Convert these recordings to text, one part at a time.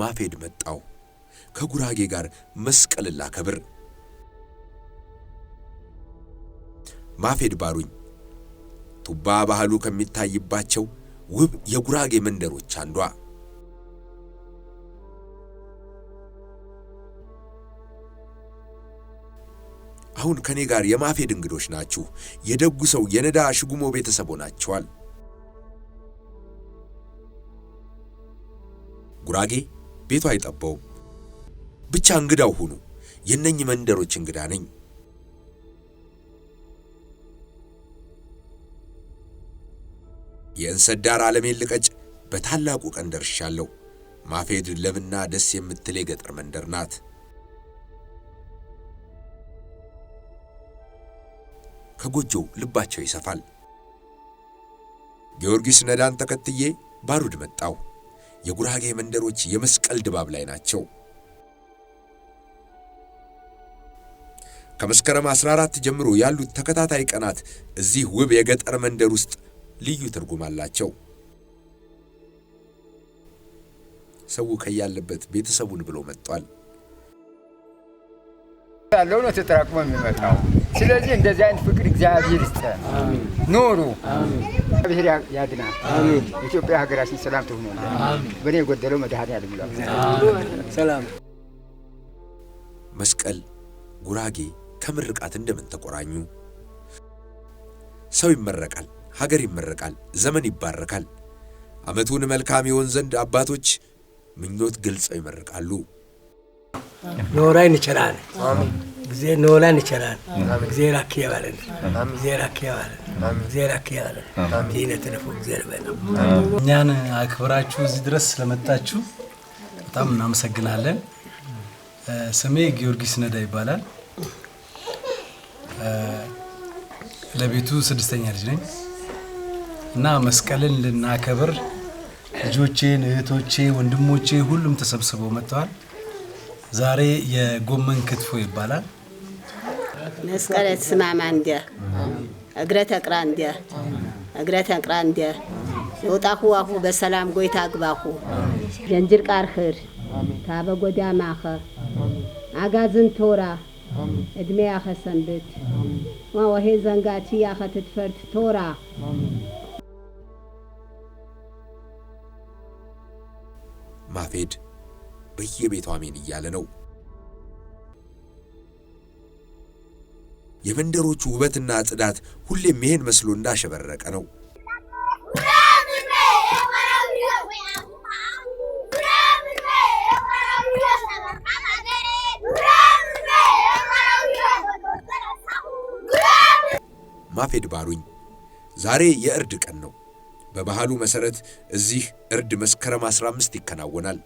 ማፌድ መጣው ከጉራጌ ጋር መስቀልላ ከብር ማፌድ ባሩኝ ቱባ ባህሉ ከሚታይባቸው ውብ የጉራጌ መንደሮች አንዷ አሁን ከኔ ጋር የማፌድ እንግዶች ናችሁ። የደጉ ሰው የነዳ ሽጉሞ ቤተሰቦ ናቸዋል። ጉራጌ ቤቱ አይጠባውም። ብቻ እንግዳው ሁኑ። የነኝ መንደሮች እንግዳ ነኝ። የእንሰት ዳር ዓለሜን ልቀጭ በታላቁ ቀን ደርሻለሁ። ማፌድ ለምና ደስ የምትል የገጠር መንደር ናት። ከጎጆው ልባቸው ይሰፋል። ጊዮርጊስ ነዳን ተከትዬ ባሩድ መጣው። የጉራጌ መንደሮች የመስቀል ድባብ ላይ ናቸው። ከመስከረም 14 ጀምሮ ያሉት ተከታታይ ቀናት እዚህ ውብ የገጠር መንደር ውስጥ ልዩ ትርጉም አላቸው። ሰው ከያለበት ቤተሰቡን ብሎ መጥቷል። ያለው ነው ተጠራቅሞ የሚመጣው ስለዚህ እንደዚህ አይነት ፍቅር እግዚአብሔር ይስጠን። ኖሩ ብሔር ያድና ኢትዮጵያ ሀገራችን ሰላም ትሆኑ በእኔ የጎደለው መድኃኔዓለም ሰላም። መስቀል ጉራጌ ከምርቃት እንደምን ተቆራኙ። ሰው ይመረቃል፣ ሀገር ይመረቃል፣ ዘመን ይባረካል። ዓመቱን መልካም ይሆን ዘንድ አባቶች ምኞት ገልጸው ይመርቃሉ። ኖራ ይንችላል እግዚአብሔር ንወላን ይችላል እግዚአብሔር አክያባለን እግዚአብሔር አክያባለን እግዚአብሔር አክያባለን ይህን ተለፎ እግዚአብሔር በ እኛን አክብራችሁ እዚህ ድረስ ስለመጣችሁ በጣም እናመሰግናለን። ስሜ ጊዮርጊስ ነዳ ይባላል። ለቤቱ ስድስተኛ ልጅ ነኝ እና መስቀልን ልናከብር ልጆቼን፣ እህቶቼ፣ ወንድሞቼ ሁሉም ተሰብስበው መጥተዋል። ዛሬ የጎመን ክትፎ ይባላል። መስቀለ ተስማማ እንዲያ እግረ ተቅራ እንዲያ እግረ ተቅራ እንዲያ የውጣሁ ዋሁ በሰላም ጎይታ አግባሁ ጀንጅር ቃርህር ታበ ጎዳማኸ አጋዝን ቶራ እድሜ ያኸ ሰንብት ወሄ ዘንጋቺ ያኸ ትትፈርት ቶራ ማፌድ በየቤቷ ሜን እያለ ነው። የመንደሮቹ ውበትና ጽዳት ሁሌም ይሄን መስሎ እንዳሸበረቀ ነው። ማፌድ ባሩኝ ዛሬ የእርድ ቀን ነው። በባህሉ መሰረት እዚህ እርድ መስከረም 15 ይከናወናል።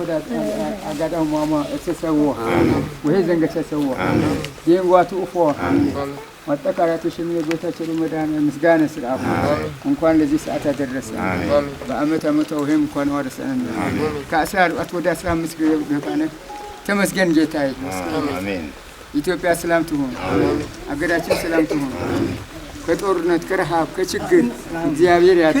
ወዳአጋዳ ሟሟ እተሰዎ ወይ ዘንገ ተሰዎ የንጓቱ እፎ ማጠቃላቱ ሽም የጌታችን መድኃኒዓለም ምስጋና ስርአቱ እንኳን ለዚህ ሰዓት አደረሰ። በአመት አመቷ ወይም እንኳን ዋደሰነ ከአስራ አርባት ወደ አስራ አምስት ገባነ። ተመስገን ጌታዬ። ኢትዮጵያ ሰላም ትሁን፣ አገራችን ሰላም ትሁን። ከጦርነት ከረሃብ ከችግር እግዚአብሔር ያት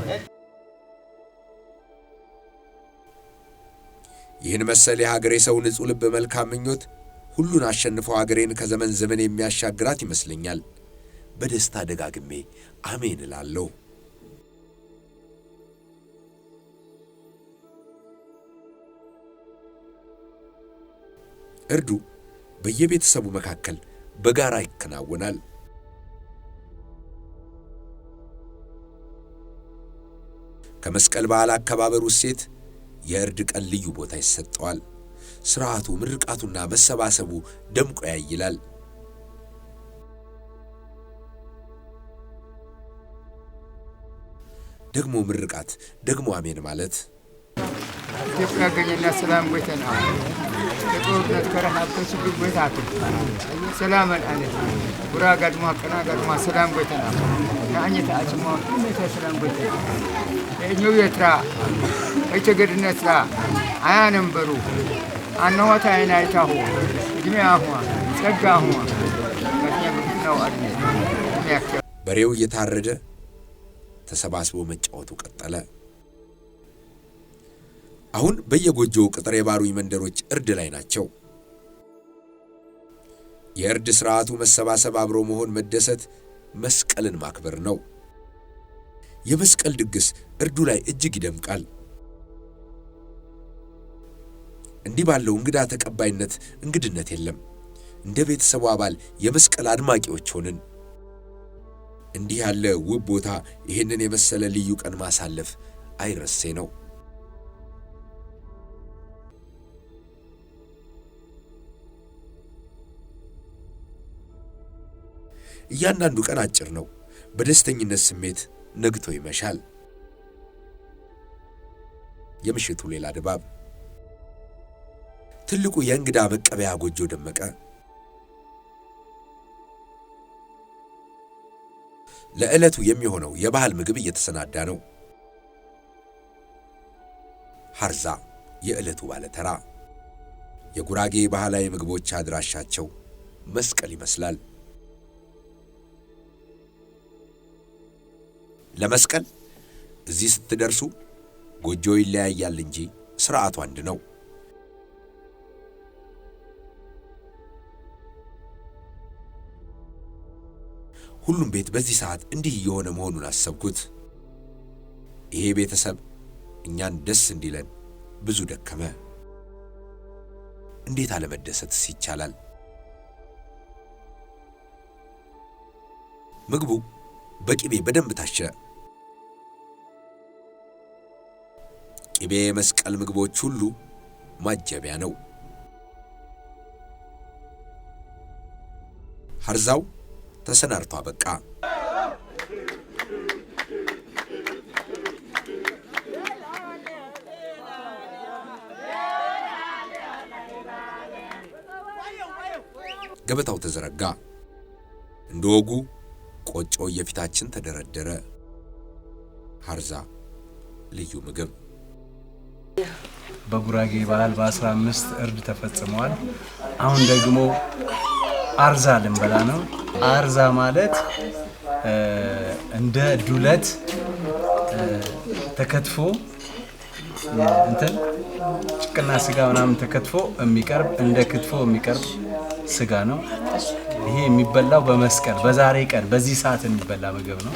ይህን መሰል የሀገሬ ሰው ንጹሕ ልብ መልካም ምኞት ሁሉን አሸንፎ ሀገሬን ከዘመን ዘመን የሚያሻግራት ይመስለኛል። በደስታ ደጋግሜ አሜን እላለሁ። እርዱ በየቤተሰቡ መካከል በጋራ ይከናወናል። ከመስቀል በዓል አከባበር ውሴት የእርድ ቀን ልዩ ቦታ ይሰጠዋል። ስርዓቱ፣ ምርቃቱና መሰባሰቡ ደምቆ ያይላል። ደግሞ ምርቃት፣ ደግሞ አሜን ማለት ኢትዮጵያ ገኘና ሰላም ጎይተና ከጦርነት ከረሃብ ከችግር ጎይታቱ ሰላመን አነ ጉራ ጋድማ ቀና ጋድማ ሰላም ጎይተና ንአኘት አጭማ እነተ ሰላም ጎይተና እኛው የትራ እቸገድነት ራ አያነንበሩ አነኋት አይን እድሜ አሁዋ ጸጋ አሁዋ በሬው እየታረደ ተሰባስቦ መጫወቱ ቀጠለ። አሁን በየጎጆው ቅጥር የባሩኝ መንደሮች እርድ ላይ ናቸው። የእርድ ሥርዓቱ መሰባሰብ፣ አብሮ መሆን፣ መደሰት፣ መስቀልን ማክበር ነው። የመስቀል ድግስ እርዱ ላይ እጅግ ይደምቃል። እንዲህ ባለው እንግዳ ተቀባይነት እንግድነት የለም። እንደ ቤተሰቡ አባል የመስቀል አድማቂዎች ሆንን። እንዲህ ያለ ውብ ቦታ ይህንን የመሰለ ልዩ ቀን ማሳለፍ አይረሴ ነው። እያንዳንዱ ቀን አጭር ነው። በደስተኝነት ስሜት ነግቶ ይመሻል። የምሽቱ ሌላ ድባብ። ትልቁ የእንግዳ መቀበያ ጎጆ ደመቀ። ለዕለቱ የሚሆነው የባህል ምግብ እየተሰናዳ ነው። ሐርዛ የዕለቱ ባለተራ። የጉራጌ ባህላዊ ምግቦች አድራሻቸው መስቀል ይመስላል። ለመስቀል እዚህ ስትደርሱ ጎጆ ይለያያል እንጂ ስርዓቱ አንድ ነው። ሁሉም ቤት በዚህ ሰዓት እንዲህ እየሆነ መሆኑን አሰብኩት። ይሄ ቤተሰብ እኛን ደስ እንዲለን ብዙ ደከመ። እንዴት አለመደሰትስ ይቻላል? ምግቡ በቅቤ በደንብ ታሸ። ቅቤ የመስቀል ምግቦች ሁሉ ማጀቢያ ነው። ሐርዛው ተሰናድቶ አበቃ። ገበታው ተዘረጋ። እንደ ወጉ ቆጮ የፊታችን ተደረደረ። ሐርዛ ልዩ ምግብ በጉራጌ ባህል በ15 እርድ ተፈጽመዋል። አሁን ደግሞ አርዛ ልንበላ ነው። አርዛ ማለት እንደ ዱለት ተከትፎ እንትን ጭቅና ስጋ ምናምን ተከትፎ የሚቀርብ እንደ ክትፎ የሚቀርብ ስጋ ነው። ይሄ የሚበላው በመስቀል በዛሬ ቀን በዚህ ሰዓት የሚበላ ምግብ ነው።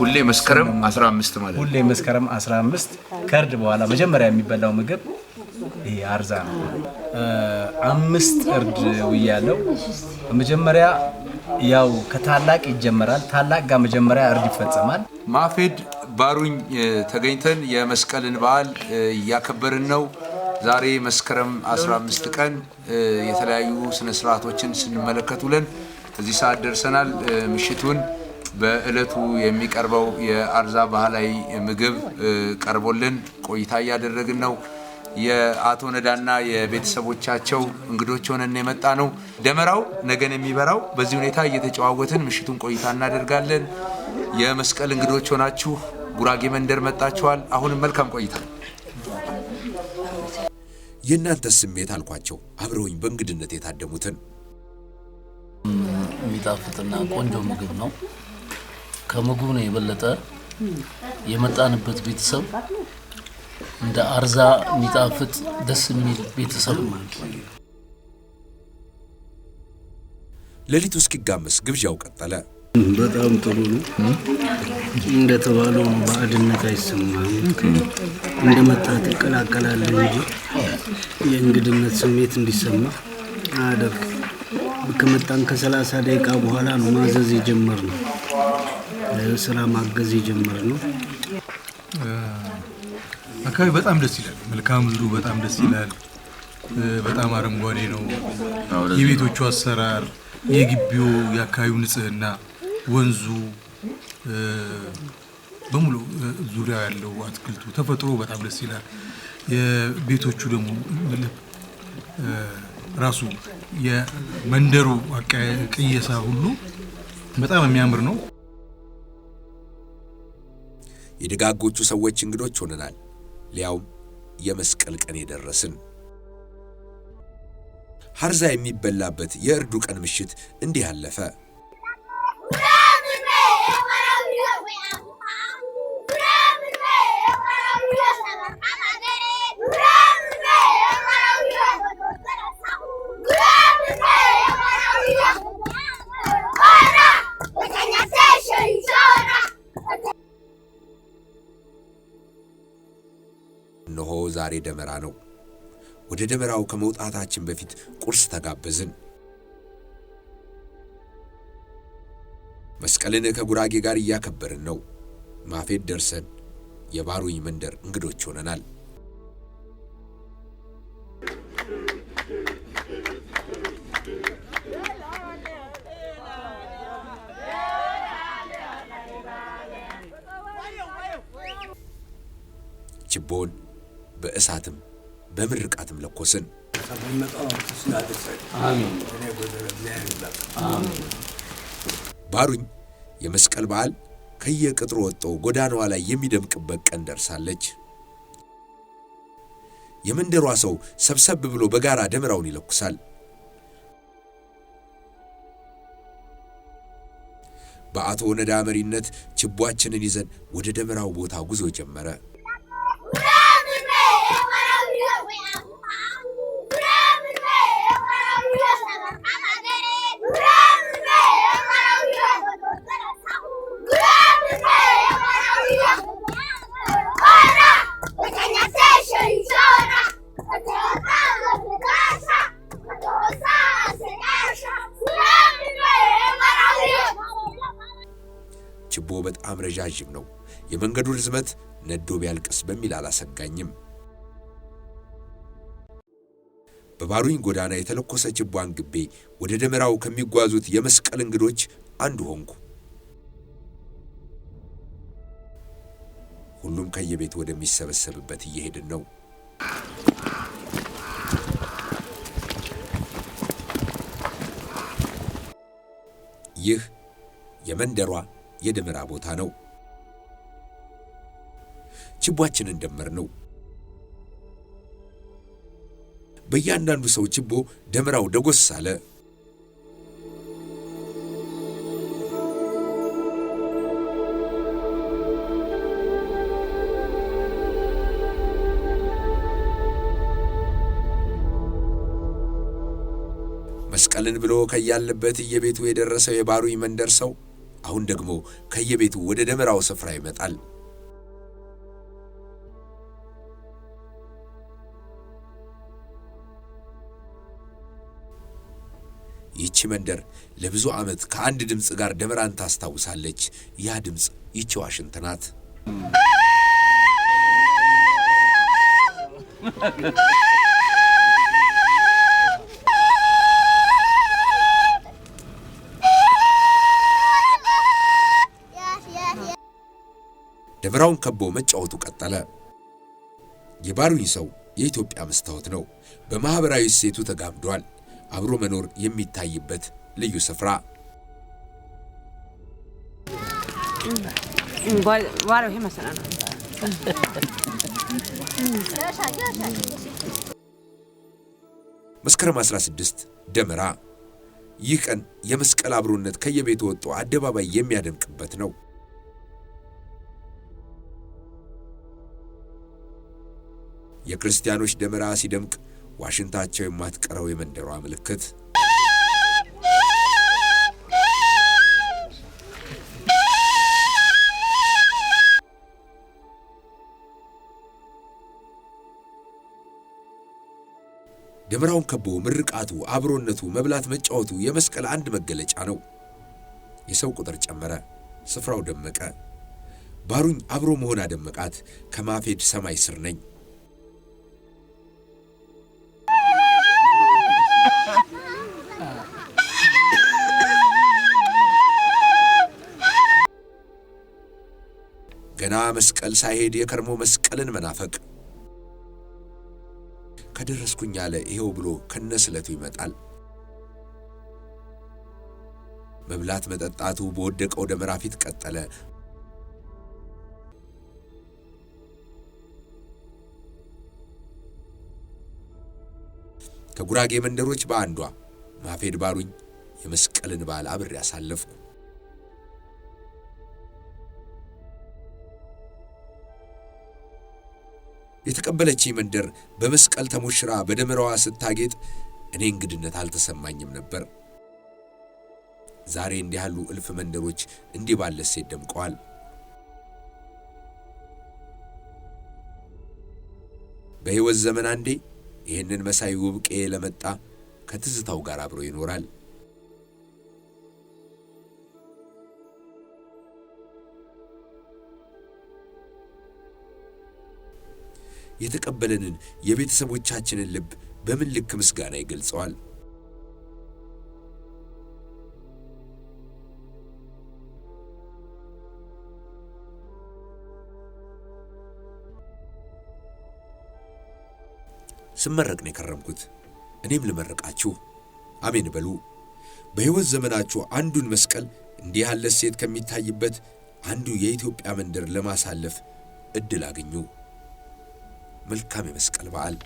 ሁሌ መስከረም 15 ማለት ሁሌ መስከረም 15 ከእርድ በኋላ መጀመሪያ የሚበላው ምግብ ይሄ አርዛ ነው። አምስት እርድ ውያለው። መጀመሪያ ያው ከታላቅ ይጀመራል። ታላቅ ጋር መጀመሪያ እርድ ይፈጸማል። ማፌድ ባሩኝ ተገኝተን የመስቀልን በዓል እያከበርን ነው። ዛሬ መስከረም 15 ቀን የተለያዩ ስነስርዓቶችን ስንመለከት ውለን እዚህ ሰዓት ደርሰናል። ምሽቱን በእለቱ የሚቀርበው የአርዛ ባህላዊ ምግብ ቀርቦልን ቆይታ እያደረግን ነው። የአቶ ነዳና የቤተሰቦቻቸው እንግዶች ሆነን የመጣ ነው። ደመራው ነገን የሚበራው በዚህ ሁኔታ እየተጨዋወትን ምሽቱን ቆይታ እናደርጋለን። የመስቀል እንግዶች ሆናችሁ ጉራጌ መንደር መጣችኋል። አሁንም መልካም ቆይታ። የእናንተ ስሜት አልኳቸው፣ አብረውኝ በእንግድነት የታደሙትን። የሚጣፍጥና ቆንጆ ምግብ ነው። ከምግቡ ነው የበለጠ የመጣንበት ቤተሰብ እንደ አርዛ የሚጣፍጥ ደስ የሚል ቤተሰብ ነው። ሌሊቱ እስኪጋመስ ግብዣው ቀጠለ። በጣም ጥሩ ነው። እንደተባለው ባዕድነት አይሰማም። እንደመጣ ትቀላቀላለህ እንጂ የእንግድነት ስሜት እንዲሰማ አያደርግ። ከመጣን ከሰላሳ ደቂቃ በኋላ ነው ማዘዝ የጀመርነው። ስራ ማገዝ የጀመረ ነው። አካባቢ በጣም ደስ ይላል። መልካም ምድሩ በጣም ደስ ይላል። በጣም አረንጓዴ ነው። የቤቶቹ አሰራር፣ የግቢው፣ የአካባቢው ንጽህና፣ ወንዙ በሙሉ ዙሪያ ያለው አትክልቱ፣ ተፈጥሮ በጣም ደስ ይላል። የቤቶቹ ደግሞ ራሱ የመንደሩ ቅየሳ ሁሉ በጣም የሚያምር ነው። የደጋጎቹ ሰዎች እንግዶች ሆነናል፣ ሊያውም የመስቀል ቀን የደረስን። ሐርዛ የሚበላበት የእርዱ ቀን ምሽት እንዲህ አለፈ። እነሆ ዛሬ ደመራ ነው። ወደ ደመራው ከመውጣታችን በፊት ቁርስ ተጋበዝን። መስቀልን ከጉራጌ ጋር እያከበርን ነው። ማፌድ ደርሰን የባሩኝ መንደር እንግዶች ሆነናል። በምርቃትም ለኮስን። ባሩኝ የመስቀል በዓል ከየቅጥሩ ወጥተው ጎዳናዋ ላይ የሚደምቅበት ቀን ደርሳለች። የመንደሯ ሰው ሰብሰብ ብሎ በጋራ ደመራውን ይለኩሳል። በአቶ ነዳ መሪነት ችቦአችንን ይዘን ወደ ደመራው ቦታ ጉዞ ጀመረ። የመንገዱ ርዝመት ነዶ ቢያልቅስ በሚል አላሰጋኝም። በባሩኝ ጎዳና የተለኮሰ ችቧን ግቤ ወደ ደመራው ከሚጓዙት የመስቀል እንግዶች አንዱ ሆንኩ። ሁሉም ከየቤት ወደሚሰበሰብበት እየሄድን ነው። ይህ የመንደሯ የደመራ ቦታ ነው። ችቦአችንን ደመር ነው። በእያንዳንዱ ሰው ችቦ ደመራው ደጎስ አለ። መስቀልን ብሎ ከያለበት እየቤቱ የደረሰው የባሩይ መንደር ሰው አሁን ደግሞ ከየቤቱ ወደ ደመራው ስፍራ ይመጣል። ይቺ መንደር ለብዙ ዓመት ከአንድ ድምፅ ጋር ደመራን ታስታውሳለች። ያ ድምፅ ይቺ ዋሽንት ናት። ደመራውን ከቦ መጫወቱ ቀጠለ። የባሩኝ ሰው የኢትዮጵያ መስታወት ነው። በማኅበራዊ እሴቱ ተጋምዷል። አብሮ መኖር የሚታይበት ልዩ ስፍራ። መስከረም 16 ደመራ። ይህ ቀን የመስቀል አብሮነት ከየቤቱ ወጥቶ አደባባይ የሚያደምቅበት ነው። የክርስቲያኖች ደመራ ሲደምቅ ዋሽንታቸው የማትቀረው የመንደሯ ምልክት ደመራውን ከቦ ምርቃቱ፣ አብሮነቱ፣ መብላት መጫወቱ የመስቀል አንድ መገለጫ ነው። የሰው ቁጥር ጨመረ፣ ስፍራው ደመቀ። ባሩኝ አብሮ መሆን አደመቃት። ከማፌድ ሰማይ ስር ነኝ ገና መስቀል ሳይሄድ የከርሞ መስቀልን መናፈቅ ከደረስኩኝ አለ ይሄው ብሎ ከነስለቱ ይመጣል። መብላት መጠጣቱ በወደቀው ደመራ ፊት ቀጠለ። ከጉራጌ መንደሮች በአንዷ ማፌድ ባሩኝ የመስቀልን በዓል አብሬ አሳለፍኩ። የተቀበለች መንደር በመስቀል ተሞሽራ በደመራዋ ስታጌጥ እኔ እንግድነት አልተሰማኝም ነበር። ዛሬ እንዲህ ያሉ እልፍ መንደሮች እንዲህ ባለ ሴት ደምቀዋል። በሕይወት ዘመን አንዴ ይህንን መሳይ ውብቄ ለመጣ ከትዝታው ጋር አብሮ ይኖራል። የተቀበለንን የቤተሰቦቻችንን ልብ በምን ልክ ምስጋና ይገልጸዋል? ስመረቅ ነው የከረምኩት። እኔም ልመረቃችሁ። አሜን በሉ። በሕይወት ዘመናችሁ አንዱን መስቀል እንዲህ ያለ ሴት ከሚታይበት አንዱ የኢትዮጵያ መንደር ለማሳለፍ ዕድል አግኙ። መልካም የመስቀል በዓል